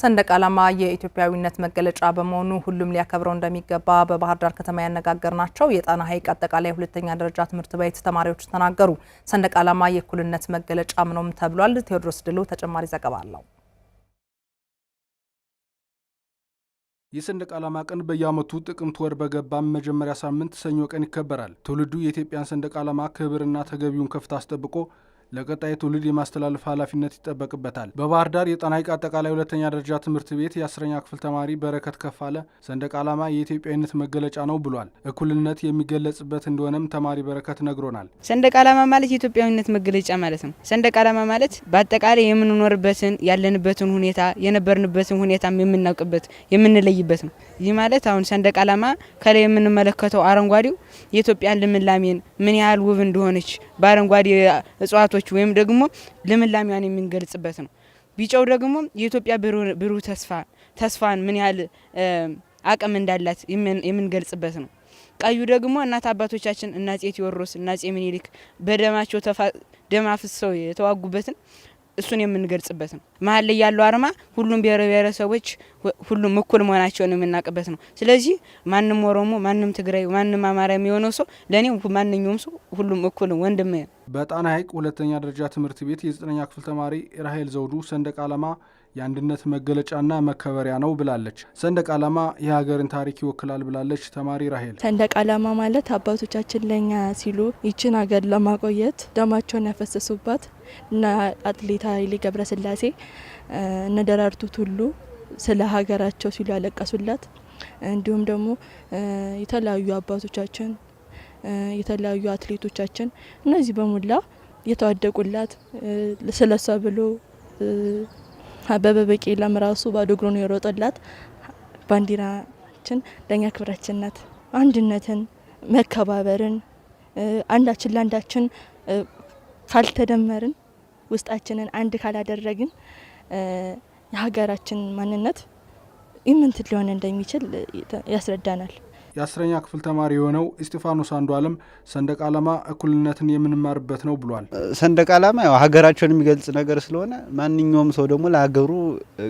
ሰንደቅ ዓላማ የኢትዮጵያዊነት መገለጫ በመሆኑ ሁሉም ሊያከብረው እንደሚገባ በባህር ዳር ከተማ ያነጋገር ናቸው የጣና ሐይቅ አጠቃላይ ሁለተኛ ደረጃ ትምህርት ቤት ተማሪዎች ተናገሩ። ሰንደቅ ዓላማ የእኩልነት መገለጫም ነውም ተብሏል። ቴዎድሮስ ድሎ ተጨማሪ ዘገባ አለው። የሰንደቅ ዓላማ ቀን በየዓመቱ ጥቅምት ወር በገባም መጀመሪያ ሳምንት ሰኞ ቀን ይከበራል። ትውልዱ የኢትዮጵያን ሰንደቅ ዓላማ ክብርና ተገቢውን ከፍታ አስጠብቆ ለቀጣይ ትውልድ የማስተላለፍ ኃላፊነት ይጠበቅበታል። በባህር ዳር የጣና ሐይቅ አጠቃላይ ሁለተኛ ደረጃ ትምህርት ቤት የአስረኛ ክፍል ተማሪ በረከት ከፋለ ሰንደቅ ዓላማ የኢትዮጵያዊነት መገለጫ ነው ብሏል። እኩልነት የሚገለጽበት እንደሆነም ተማሪ በረከት ነግሮናል። ሰንደቅ ዓላማ ማለት የኢትዮጵያዊነት መገለጫ ማለት ነው። ሰንደቅ ዓላማ ማለት በአጠቃላይ የምንኖርበትን ያለንበትን ሁኔታ የነበርንበትን ሁኔታ የምናውቅበት የምንለይበት ነው። ይህ ማለት አሁን ሰንደቅ ዓላማ ከላይ የምንመለከተው አረንጓዴው የኢትዮጵያን ልምላሜን ምን ያህል ውብ እንደሆነች በአረንጓዴ እጽዋቶች ወይም ደግሞ ልምላሜዋን የምንገልጽበት ነው። ቢጫው ደግሞ የኢትዮጵያ ብሩህ ተስፋ ተስፋን ምን ያህል አቅም እንዳላት የምንገልጽበት ነው። ቀዩ ደግሞ እናት አባቶቻችን እና አፄ ቴዎድሮስ እና አፄ ምኒልክ በደማቸው ደም አፍሰው የተዋጉበትን እሱን የምንገልጽበት ነው። መሀል ላይ ያለው አርማ ሁሉም ብሔር ብሔረሰቦች ሁሉም እኩል መሆናቸውን የምናውቅበት ነው። ስለዚህ ማንም ኦሮሞ፣ ማንም ትግራይ፣ ማንም አማራ የሚሆነው ሰው ለእኔ ማንኛውም ሰው ሁሉም እኩል ወንድም። በጣና ሐይቅ ሁለተኛ ደረጃ ትምህርት ቤት የዘጠነኛ ክፍል ተማሪ ራሄል ዘውዱ ሰንደቅ ዓላማ የአንድነት መገለጫና መከበሪያ ነው ብላለች። ሰንደቅ ዓላማ የሀገርን ታሪክ ይወክላል ብላለች ተማሪ ራሄል። ሰንደቅ ዓላማ ማለት አባቶቻችን ለኛ ሲሉ ይችን ሀገር ለማቆየት ደማቸውን ያፈሰሱባት እና አትሌት ኃይሌ ገብረስላሴ እነ ደራርቱ ቱሉ ስለ ሀገራቸው ሲሉ ያለቀሱላት እንዲሁም ደግሞ የተለያዩ አባቶቻችን የተለያዩ አትሌቶቻችን እነዚህ በሙላ የተዋደቁላት ስለሷ ብሎ አበበ ቢቂላም ራሱ ባዶ እግሩን የሮጠላት ባንዲራችን ለእኛ ክብራችን ናት። አንድነትን፣ መከባበርን አንዳችን ለአንዳችን ካልተደመርን ውስጣችንን አንድ ካላደረግን የሀገራችን ማንነት ኢምንት ሊሆን እንደሚችል ያስረዳናል። የአስረኛ ክፍል ተማሪ የሆነው እስጢፋኖስ አንዱ አለም ሰንደቅ ዓላማ እኩልነትን የምንማርበት ነው ብሏል። ሰንደቅ ዓላማ ያው ሀገራቸውን የሚገልጽ ነገር ስለሆነ ማንኛውም ሰው ደግሞ ለሀገሩ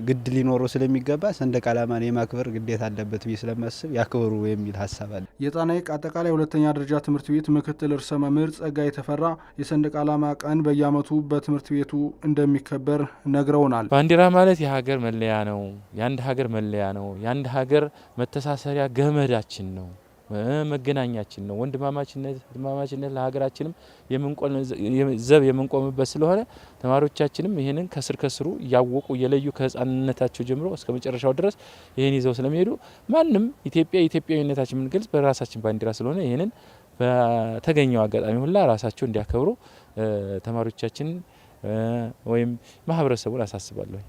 ግድ ሊኖረው ስለሚገባ ሰንደቅ ዓላማን የማክበር ግዴታ አለበት ብዬ ስለማስብ ያክብሩ የሚል ሀሳብ አለ። የጣና ሐይቅ አጠቃላይ ሁለተኛ ደረጃ ትምህርት ቤት ምክትል ርዕሰ መምህር ጸጋ የተፈራ የሰንደቅ ዓላማ ቀን በየዓመቱ በትምህርት ቤቱ እንደሚከበር ነግረውናል። ባንዲራ ማለት የሀገር መለያ ነው። የአንድ ሀገር መለያ ነው። የአንድ ሀገር መተሳሰሪያ ገመዳችን ነው፣ መገናኛችን ነው። ወንድማማችነት ለሀገራችንም ዘብ የምንቆምበት ስለሆነ ተማሪዎቻችንም ይህንን ከስር ከስሩ እያወቁ እየለዩ ከህፃንነታቸው ጀምሮ እስከ መጨረሻው ድረስ ይህን ይዘው ስለሚሄዱ ማንም ኢትዮጵያ ኢትዮጵያዊነታችን የምንገልጽ በራሳችን ባንዲራ ስለሆነ ይህንን በተገኘው አጋጣሚ ሁላ ራሳቸው እንዲያከብሩ ተማሪዎቻችን ወይም ማህበረሰቡን አሳስባለሁ።